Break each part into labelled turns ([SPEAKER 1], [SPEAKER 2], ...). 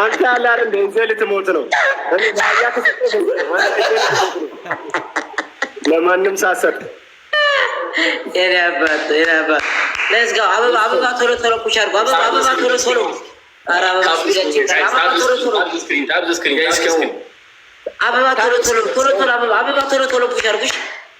[SPEAKER 1] አንተ ያላር እንደ ልትሞት ነው። ለማንም ሳሰር
[SPEAKER 2] አበባ ቶሎ ቶሎ ቁጭ አድርጎ አበባ ቶሎ ቶሎ አበባ ቶሎ ቶሎ ቁጭ አድርጉሽ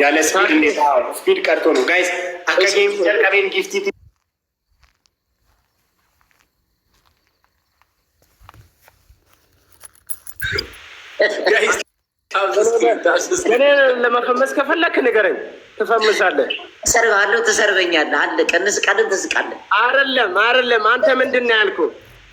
[SPEAKER 3] ያለ ስፒድ እንዴት ስፒድ ቀርቶ ነው ጋይስ
[SPEAKER 1] አካጌም ጊፍቲት ለመፈመስ ከፈለክ ንገረኝ፣ ትፈምሳለህ።
[SPEAKER 2] ተሰርባለሁ፣ ትሰርበኛለህ። አንድ ቀን ስቃለን፣ ትስቃለን።
[SPEAKER 1] አይደለም አይደለም፣ አንተ ምንድን ነው ያልኩህ?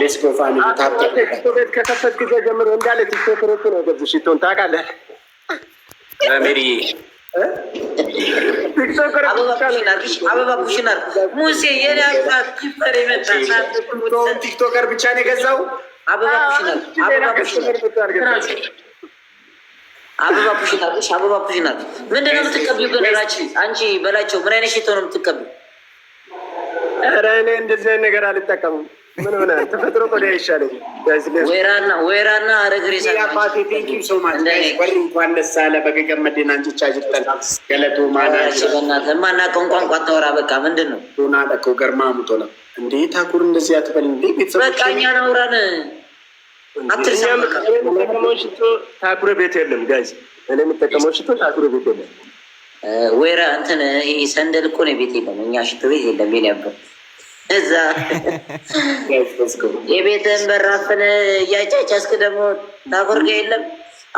[SPEAKER 1] ቤት ከከፈት ጊዜ ጀምሮ እንዳለ ቲክቶከሮቹ ነው ገቡ ሽቶን ታውቃለህ። ቲክቶከር ብቻ ነው የገዛው።
[SPEAKER 2] አበባ ኩሽና አበባ ኩሽና ምንድን ነው የምትቀቢው? አንቺ በላቸው ምን አይነት ሽቶ ነው የምትቀቢው?
[SPEAKER 1] ኧረ እኔ እንደዚህ ነገር አልጠቀምም። ምን ሆነ? ተፈጥሮ ቆዳ ይሻለኝ።
[SPEAKER 2] ወይራና ወይራና
[SPEAKER 1] እንኳን ደስ አለ
[SPEAKER 2] የማናውቀውን ቋንቋ በቃ ምንድን ነው
[SPEAKER 1] ገርማ ሙቶ ነው እንዴ ታኩር እንደዚህ አትበል እንዴ ቤተሰብ በቃ ሽቶ ታኩረ ቤት የለም እኔ የምጠቀመው ሽቶ ታኩረ ቤት የለም።
[SPEAKER 2] ወይራ እንትን ሰንደል እኮ ነው ቤት የለም። እኛ ሽቶ ቤት የለም። እዛ የቤትህን በራፍን እያጫጫስክ ደግሞ ታኮርገ የለም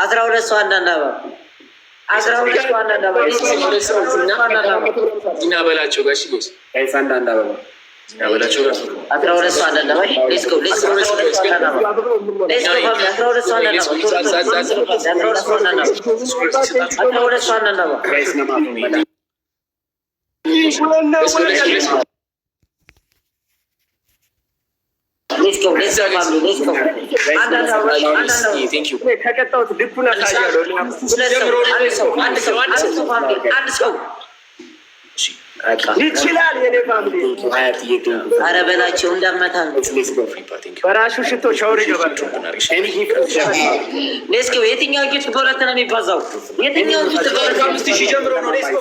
[SPEAKER 2] አስራ ሁለት ሰው አንዳንድ
[SPEAKER 1] ተቀጣሁት። ልቡን አሳያለሁ። ይችላል። የኔ ፋሚሊ
[SPEAKER 2] ኧረ በላቸው እንዳመታል
[SPEAKER 1] በራሱ ሽቶ ሻወር ይገባል።
[SPEAKER 2] ሌስኪ የትኛው ጊፍት በሁለት ነው የሚባዛው? የትኛው ጊፍት
[SPEAKER 3] በሁለት ነው የሚባዛው?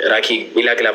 [SPEAKER 3] ራኪ ሌላ ግላብ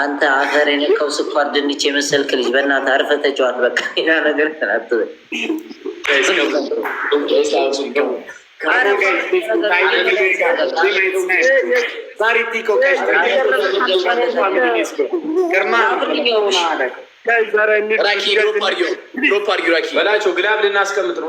[SPEAKER 2] አንተ አፈር የነካው ስኳር ድንች የመሰልክ ልጅ በእናትህ አርፈህ ተጫዋት። በቃ ሌላ ነገር በላቸው
[SPEAKER 1] ግላብ ልናስቀምጥ ነው።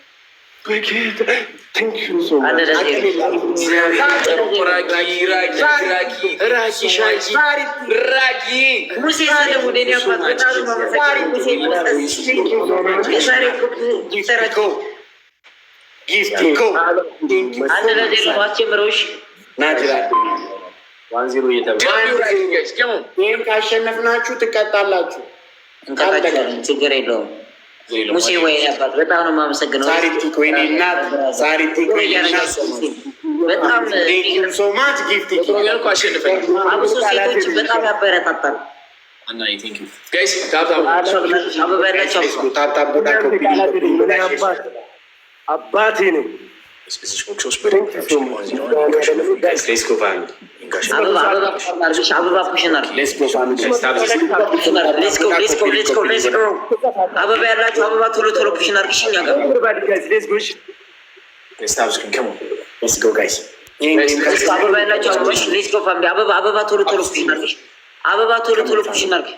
[SPEAKER 1] ይህም ካሸነፍናችሁ ትቀጣላችሁ።
[SPEAKER 2] ችግር የለውም። ሙሴ ወይኔ አባት በጣም ነው የማመሰግነው።
[SPEAKER 1] ሳሪቲክ ወይኔ እናት ሳሪቲክ ወይኔ
[SPEAKER 2] እናት በጣም
[SPEAKER 3] ሶማች ጊፍት
[SPEAKER 2] ሴቶች በጣም ያበረታታል።
[SPEAKER 1] አባቴ ነው
[SPEAKER 3] አበባ ያላችሁ አበባ ቶሎ ቶሎ ፑሽን አድርግሽ
[SPEAKER 2] አበባ ቶሎ ቶሎ ፑሽን አድርግሽ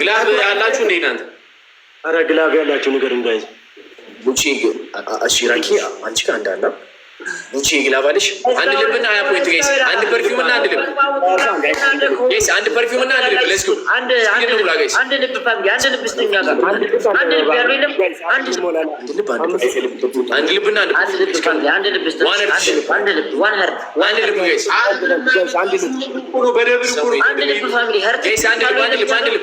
[SPEAKER 3] ግላብ ያላችሁ እንዴ ናንተ
[SPEAKER 1] አረ ግላብ ያላችሁ ነገር እንዳይ
[SPEAKER 3] ቡቺ አሽራኪ አንቺ ጋር እንዳና ቡቺ ግላብ አለሽ። አንድ ልብና ሀያ ፖይንት ጋይስ፣ አንድ ፐርፊውም እና አንድ ልብ ጋይስ፣ አንድ ፐርፊውም እና አንድ ልብ ለስኩ
[SPEAKER 2] አንድ አንድ ልብ ጋይስ፣ አንድ ልብ ፋሚሊ፣ አንድ ልብ ስትኛ ጋር አንድ ልብ አንድ ልብ ያለው ልብ አንድ ልብ አንድ ልብ እና አንድ ልብ ፋሚሊ፣ አንድ ልብ ስትኛ ጋር አንድ ልብ ዋን
[SPEAKER 3] ሀርት አንድ ልብ ጋይስ፣
[SPEAKER 1] አንድ ልብ
[SPEAKER 2] አንድ ልብ ፋሚሊ
[SPEAKER 3] ሀርት ጋይስ፣ አንድ ልብ አንድ ልብ አንድ ልብ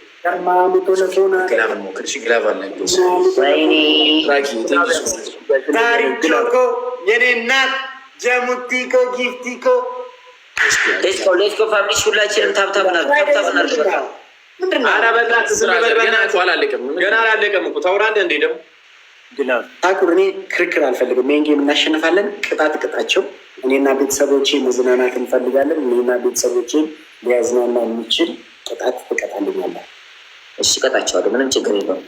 [SPEAKER 1] ዳርቾኮ የኔ እናት ጀሙቲኮ ጊፍቲኮ
[SPEAKER 2] ሌስኮ ሁላችንም
[SPEAKER 1] እኔ ክርክር አልፈልግም። ይህን የምናሸንፋለን። ቅጣት ቅጣቸው። እኔና ቤተሰቦቼ መዝናናት እንፈልጋለን። እኔና ቤተሰቦቼን ሊያዝናና የሚችል ቅጣት ትቀጣልኛል።
[SPEAKER 2] እሺ እቀጣቸዋለሁ፣ ምንም ችግር የለውም።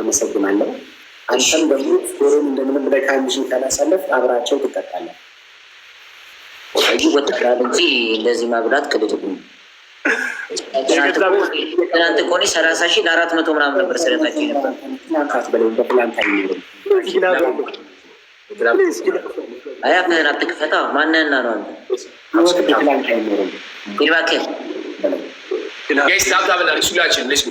[SPEAKER 1] አመሰግናለሁ። አንተም ደግሞ ፎሮም እንደምንም ብለህ ከአንድሽን ካላሳለፍ አብራቸው ትቀጣለህ።
[SPEAKER 2] ይህ ወጥራል እንጂ እንደዚህ ማብላት ክልል ትናንት እኮ ሰላሳ ሺህ ለአራት መቶ ምናምን ነበር
[SPEAKER 1] ስለታቸው ነበር።
[SPEAKER 2] አይ አትክፈታ። ማንህና ነው አንተ? እባክህ
[SPEAKER 3] ጋይስ ታብታብላ ሱላችን ስ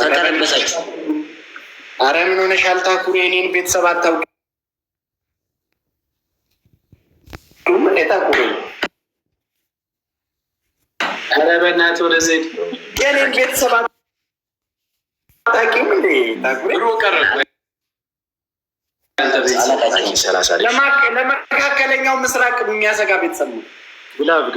[SPEAKER 2] ተቀለበሳችሁ።
[SPEAKER 1] አረ ምን ሆነሽ? አልታኩሪ የኔን ቤተሰብ አታውቂ ምን የታኩሪ? አረ በእናትህ ወደ ዜድ የኔን ቤተሰብ አታውቂም እንዴ? ታኩሪ ቀረ። ለመካከለኛው ምስራቅ የሚያሰጋ ቤተሰብ ነው ብላ ብግ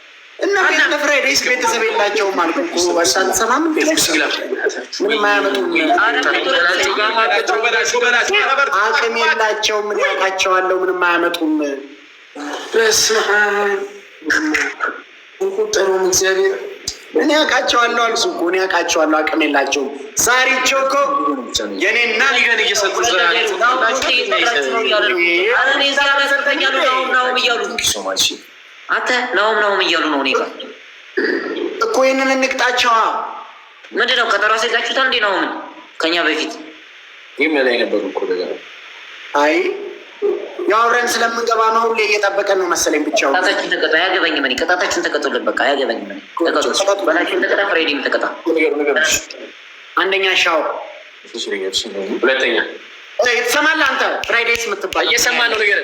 [SPEAKER 1] እና ቤት መፍረድ ቤተሰብ የላቸውም ማለት እኮ አቅም የላቸውም። ምን ያውቃቸዋለሁ? ምንም አያመጡም። ቁጠሩም እግዚአብሔር እኔ ያውቃቸዋለሁ አልኩ እኮ እኔ ያውቃቸዋለሁ። አቅም የላቸውም። ዛሬቸው እኮ እና
[SPEAKER 2] ሊገን እየሰጡ እያሉ አንተ ነውም ነውም እያሉ ነው። እኔ ጋር
[SPEAKER 1] እኮ ይህንን እንቅጣቸዋ።
[SPEAKER 2] ምንድን ነው ቀጠሮ አስይዛችሁታል እንዴ? ምን ከኛ በፊት
[SPEAKER 1] ይህም ላይ ነበሩ እኮ አይ ያው አብረን ስለምንገባ ነው። ሁሌ እየጠበቀን ነው መሰለኝ። ብቻ
[SPEAKER 2] አያገባኝም። እኔ ቅጣታችን ተቀጡልን። በቃ አያገባኝም። በላችን ተቀጣ፣ ፍሬዲም ተቀጣ። አንደኛ ሻው፣
[SPEAKER 1] ሁለተኛ የተሰማል። አንተ ፍራይዴስ
[SPEAKER 2] የምትባል እየሰማ ነው ነገር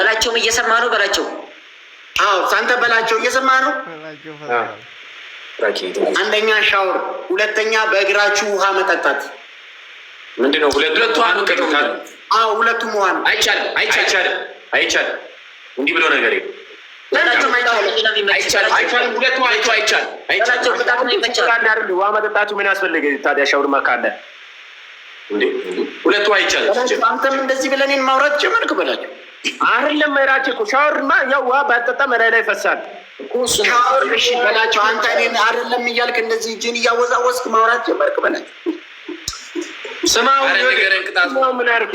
[SPEAKER 2] በላቸውም፣ እየሰማ ነው በላቸው
[SPEAKER 1] አዎ አንተ በላቸው እየሰማ ነው። አንደኛ ሻወር፣ ሁለተኛ በእግራችሁ ውሃ መጠጣት።
[SPEAKER 3] ምንድን ነው ሁለቱ ውሃ ነው። አዎ ሁለቱም ውሃ ነው። አይቻልም፣ አይቻልም፣ አይቻልም። እንዲህ ብሎ ነገር
[SPEAKER 1] ውሃ መጠጣቱ ምን ያስፈልግ ታዲያ? ሻወርማ ካለ ሁለቱ አይቻልም። አንተም እንደዚህ ብለኔን ማውራት ጀመርክ በላቸው አይደለም መራጭ እኮ ሻወርማ ያው ውሃ ባጠጣ መላይ ላይ ፈሳል። ሻወር እሺ በላቸው። አንተ እኔን አይደለም እያልክ እንደዚህ እጅን እያወዛወዝክ ማውራት ጀመርክ በላቸው። ስማው ምን አድርግ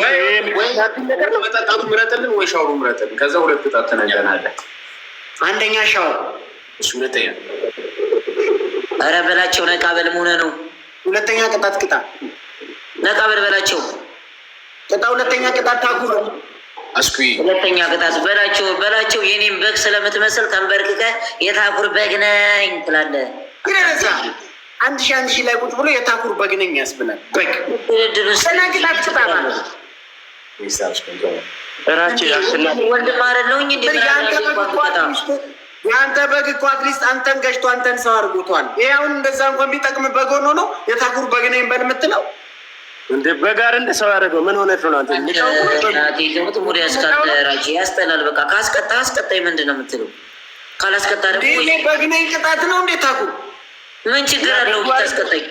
[SPEAKER 1] መጠጣቱ ምረጥልን ወይ ሻወሩ ምረጥልን።
[SPEAKER 2] ከዛ ሁለት ቅጣት ትነገናለህ። አንደኛ ሻወር እሱ ሁለተኛ ኧረ በላቸው ነቃ በል መሆነ ነው። ሁለተኛ ቅጣት ቅጣ ነቃ በል በላቸው
[SPEAKER 1] ቅጣ ሁለተኛ ቅጣት ታጉ ነው
[SPEAKER 2] እስኪ ሁለተኛ ቅጣት በላቸው በላቸው የኔም በግ ስለምትመስል ተንበርክከ የታኩር በግ ነኝ
[SPEAKER 1] ትላለህ። አንድ ሺ አንድ ሺ ላይ ቁጭ ብሎ የታኩር በግ ነኝ ያስብላል። በግ ቅጣት የአንተ በግ እኮ አትሊስት አንተን ገጭቶ አንተን ሰው አድርጎቷል። ይህ አሁን እንደዛ እንኳን ቢጠቅም በግ ሆኖ ነው የታኩር በግ ነኝ በል የምትለው እንደ በጋር እንደ ሰው ያደረገው
[SPEAKER 2] ምን ሆነ ነው? አንተ ከሞት ሙድ ያስቀራች ያስጠላል። በቃ ካስቀጣ አስቀጣይ ምንድን ነው የምትለው?
[SPEAKER 1] ካላስቀጣ ደግሞ በግነኝ ቅጣት ነው። እንዴት ታቁ
[SPEAKER 2] ምን ችግር አለው? ብታስቀጣኝ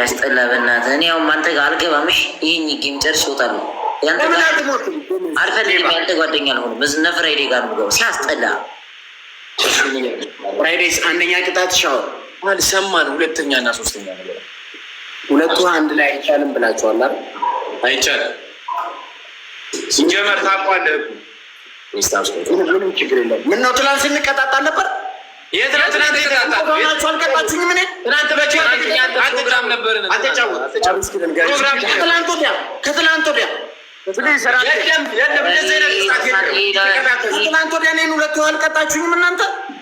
[SPEAKER 2] ያስጠላ። በእናትህ እኔ ያው አንተ ጋር አልገባም። ይህኝ ጌም ጨርሼ እወጣለሁ። አልፈልግም። ያንተ ጓደኛ አልሆንም። እነ ጋር ነው ሲያስጠላ።
[SPEAKER 1] ፍራይዴስ አንደኛ ቅጣት ሻወር ቃል ሰማን። ሁለተኛ እና ሶስተኛ ነገር ሁለቱ አንድ ላይ አይቻልም ብላችኋል። አይቻልም ሲጀመር ታውቀዋለህ። ምንም ችግር የለም። ነው ትናንት ስንቀጣጣል ነበር? ከትላንት ወዲያ ሁለቱ አልቀጣችሁኝም እናንተ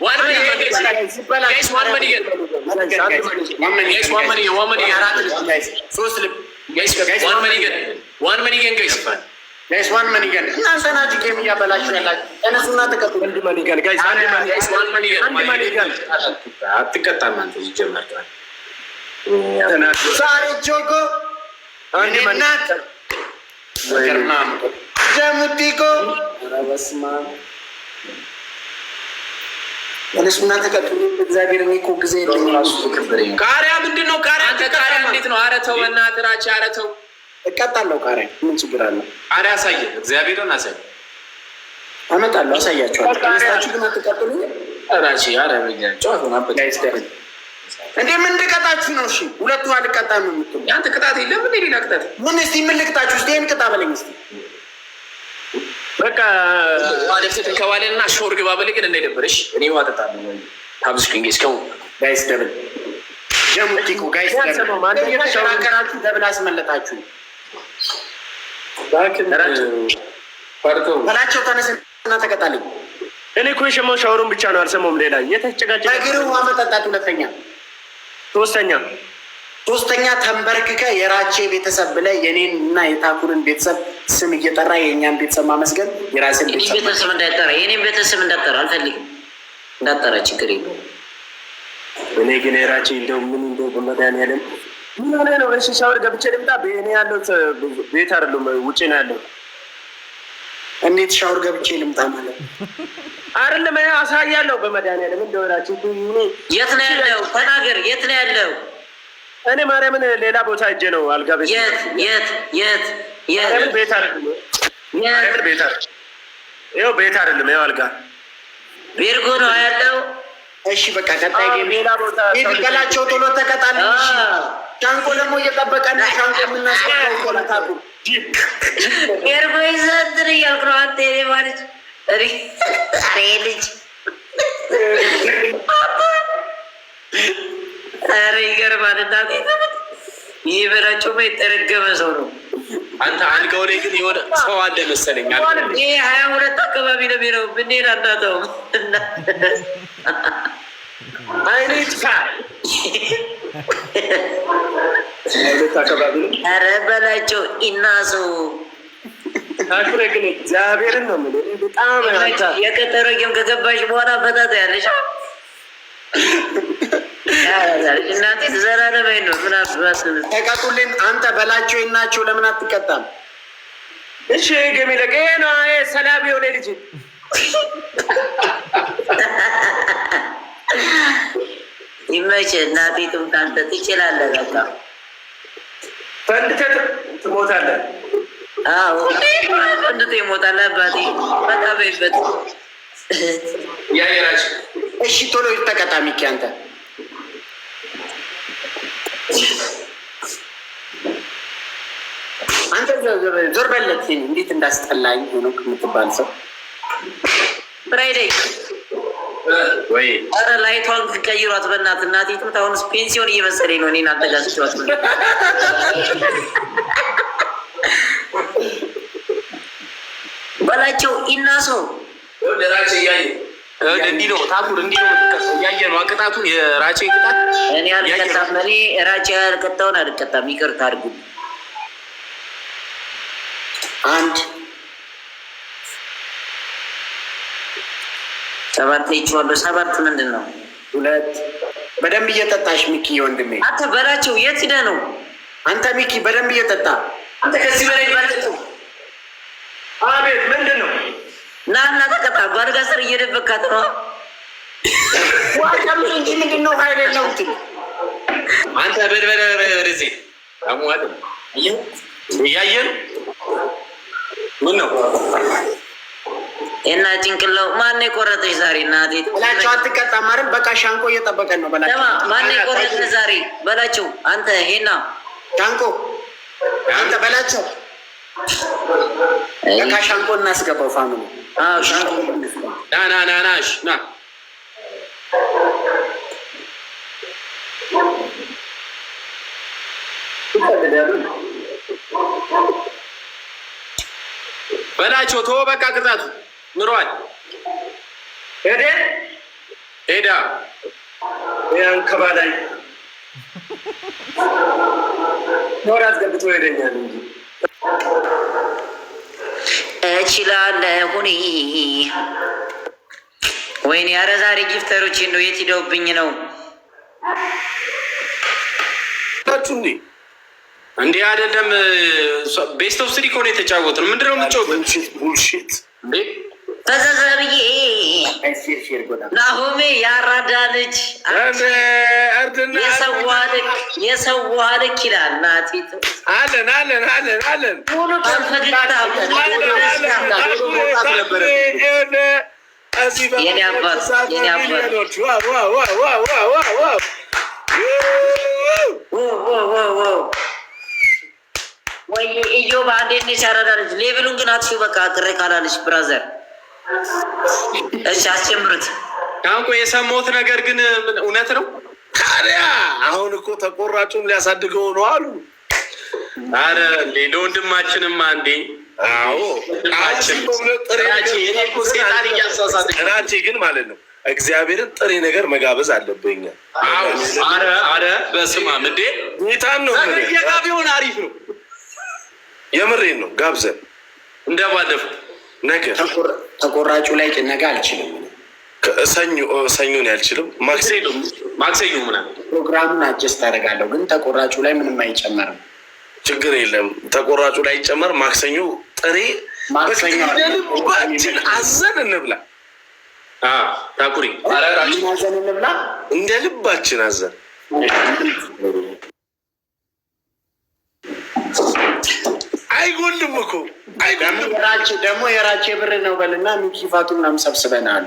[SPEAKER 2] وانا ليش وانا مليان ليش وانا مليان وانا مليان ሶስት ልብ ዋን መኒገን ዋን መኒገን ጋይስ
[SPEAKER 1] ጋይስ ዋን መኒገን እናንተ ናችሁ ጌም እያበላችሁ ያላችሁ። እነሱና ተቀጡ አንድ መኒገን ጋይስ አንድ መኒገን ዋን መኒገን አንድ መኒገን አትቀጣም አንተ ይጀምራል ዛሬ ጆጎ አንድ መናት ጀሙቲኮ ረበስማ እነሱ እናንተ እግዚአብሔር እኔ እኮ ጊዜ የለኝም። ራሱ ቃሪያ ምንድን ነው? ቃሪያ ቃሪያ እንዴት ነው? ኧረ ተው በእናትህ፣ ኧረ ተው። እቀጣለሁ። ቃሪያ ምን ችግር አለው? ቃሪያ አሳየን፣ እግዚአብሔርን አሳየ። አመጣለሁ፣ አሳያቸዋለሁ። እነሳችሁ ግን አትቀጥሉ። ራቼ። አረበኛቸው አሁን እንዴ ምን ልቀጣችሁ ነው? እሺ ሁለቱ አልቀጣም የምትሉ የአንተ ቅጣት የለም። ምን ሌላ ቅጣት ምን? እስቲ ምን ልቅጣችሁ? እስቲ ይህን ቅጣ በለኝ እስቲ በቃ ማደፍተት እንከባለን እና ሾር ግባ በል ግን እንዳይደብርሽ እኔ ውሃ እጠጣለሁ። ታብዝኩኝ ጌስ ጋይስ ደብል ጀሙቲኩ ጋይስ ደብል አስመለጣችሁ። ተነስና ተቀጣልኝ። እኔ እኮ የሸማው ሻወሩን ብቻ ነው አልሰማውም። ሌላ የተጨጋጨ እግር ውሃ መጠጣት ሁለተኛ ሶስተኛ ሶስተኛ ተንበርክከ የራቼ ቤተሰብ ብለ የኔን እና የታኩርን ቤተሰብ ስም እየጠራ የእኛን ቤተሰብ ማመስገን
[SPEAKER 2] የራስን ቤተሰብ እንዳይጠራ የኔን ቤተሰብ እንዳጠራ አልፈልግም፣ እንዳጠራ ችግር የለውም።
[SPEAKER 1] እኔ ግን የራቼ እንደው ምን እንደው ያለን ምን ሆነ ነው? እሺ ሻወር ገብቼ ልምጣ። እኔ ያለሁት ቤት አይደለም ውጭ ነው ያለው። እንዴት ሻወር ገብቼ ልምጣ ማለት አይደለም? አሳያለሁ። በመድኃኒዓለም እንደው የራቼ የት ነው ያለው? ተናገር፣ የት ነው ያለው? እኔ ማርያምን ሌላ ቦታ እጄ ነው አልጋ ቤት የት የት የት የት ቤት አይደለም ቤት ይኸው ቤት አይደለም ይኸው አልጋ ቤርጎ ነው ያለው። እሺ በቃ ቀጣይ ሌላ ቦታ ቶሎ ተቀጣል። ሻንቆ ደግሞ እየጠበቀ ነው። ሻንቆ የምናስቀው ቤርጎ
[SPEAKER 2] እያልኩ ነው። አንተ የኔ ማለት ልጅ ኧረ ይገርማል። እናቴ ይህ በላቸው የተረገመ ሰው ነው።
[SPEAKER 3] አንተ አልጋው ላይ ግን የሆነ ሰው አለ መሰለኝ።
[SPEAKER 2] ይሄ ሀያ ሁለት አካባቢ ነው የሚለው ብንሄድ አናተው አይነት ኧረ በላቸው እና ሰው
[SPEAKER 1] እግዚአብሔርን ነው የምልህ
[SPEAKER 2] በጣም የቀጠረው ከገባሽ በኋላ ፈታታ ትያለሽ እናቴ
[SPEAKER 1] ነው ተቀጡልን። አንተ በላቸው ናቸው። ለምን አትቀጣም? እሺ ገሚለቅ ገሚለ ገና ሰላም የሆነ ልጅ
[SPEAKER 2] ይመች እናቴ ትምጣ። አንተ ትችላለህ። በቃ
[SPEAKER 1] ፈንድተህ ትሞታለህ።
[SPEAKER 2] አዎ ፈንድተህ ይሞታል። አባቴ
[SPEAKER 1] በቃ በይበት። እሺ ቶሎ ተቀጣሚ ሚኪ አንተ አንተ ዞር በለት። እንዴት እንዳስጠላኝ ሆኖ የምትባል ሰው
[SPEAKER 2] ፍራይዴይ ወይ ኧረ ላይቷን ቀይሯት በእናት እናት ታሁን ፔንሲዮን እየመሰለኝ ነው። እኔን አደጋችዋት በላቸው ኢናሶ
[SPEAKER 1] እንዲህ ነው ታኩር እንዲህ ነው እያየ ነው ቅጣቱን የራቼ ቅጣት
[SPEAKER 2] እኔ አልቀጣም። እኔ ራቼ ያልቀጣውን አልቀጣም። ይቅርታ አድርጉ። አንድ ሰባት ይችዋሉ። ሰባት ምንድን
[SPEAKER 1] ነው? ሁለት በደንብ እየጠጣሽ ሚኪ ወንድሜ፣
[SPEAKER 2] አንተ በላቸው። የት ሂደህ ነው
[SPEAKER 1] አንተ ሚኪ? በደንብ እየጠጣ አንተ ከዚህ በላይ ባለጡ። አቤት፣ ምንድን ነው?
[SPEAKER 2] ና እና ተቀጣ። ጓድጋ ስር እየደበካት ነው።
[SPEAKER 1] ዋቀም እንጂ ምንድን ነው? ሀይል ነው ትል አንተ በድበደ ርዜ አሟድ እያየን ምን ነው
[SPEAKER 2] እና ጭንቅላው ማነው የቆረጠች ዛሬ? እናቴ በላቸው አትቀጣም። አረ በቃ ሻንቆ እየጠበቀን ነው በላቸው። ማነው የቆረጠ ዛሬ በላቸው። አንተ ሄና
[SPEAKER 1] ሻንቆ አንተ በላቸው። በቃ ሻንቆ እናስገባው። ፋኑ አዎ ና ና በላቸው ቶ በቃ ቅጣቱ ምሯል ሄደ ያን ከባላይ ወራት ገብቶ
[SPEAKER 2] ሄደኛል እንጂ እችላለሁኒ ወይኔ ኧረ ዛሬ ጊፍተሮች ነው የት ሂደውብኝ ነው
[SPEAKER 1] እንዲህ አይደለም። ቤስት ኦፍ ስሪ ከሆነ የተጫወት ነው። ምንድነው ምጮቡልሽት
[SPEAKER 2] ተዘዘብዬ ናሆሜ ያራዳ ልጅ የሰዋ ልክ ይላል።
[SPEAKER 1] ናቲቱ አለን አለን አለን አለን ሙሉ ፈገግታ
[SPEAKER 2] ወይ እዮ በአንዴን የሰረዳ ልጅ ሌብሉን ግን አትሹ። በቃ ቅሬ ካላለች ብራዘር
[SPEAKER 1] እሺ አስጀምሩት። አንቆ የሰማሁት ነገር ግን እውነት ነው። ታዲያ አሁን እኮ ተቆራጩም ሊያሳድገው ነው አሉ። አረ እንዴ ለወንድማችንማ እንዴ ራቼ ግን ማለት ነው እግዚአብሔርን ጥሬ ነገር መጋበዝ አለብኛል። አረ አረ በስማም እንዴ ጌታን ነው ሆን አሪፍ ነው የምሬን ነው። ጋብዘን እንደባለፈው ነገ ተቆራጩ ላይ ነገ አልችልም። ሰኞ ሰኞን ያልችልም ማክሰኞ ማክሰኞ ምናምን ፕሮግራሙን አጀስት አደርጋለሁ። ግን ተቆራጩ ላይ ምንም አይጨመርም። ችግር የለም። ተቆራጩ ላይ ይጨመር። ማክሰኞ ጥሬ በክንደልባችን አዘን እንብላ። ታኩሪ አዘን እንብላ። እንደ ልባችን አዘን አይጎልም እኮ ደግሞ የራቼ ብር ነው በልና ሚኪፋቱ ፋቱ ምናምን ሰብስበናል።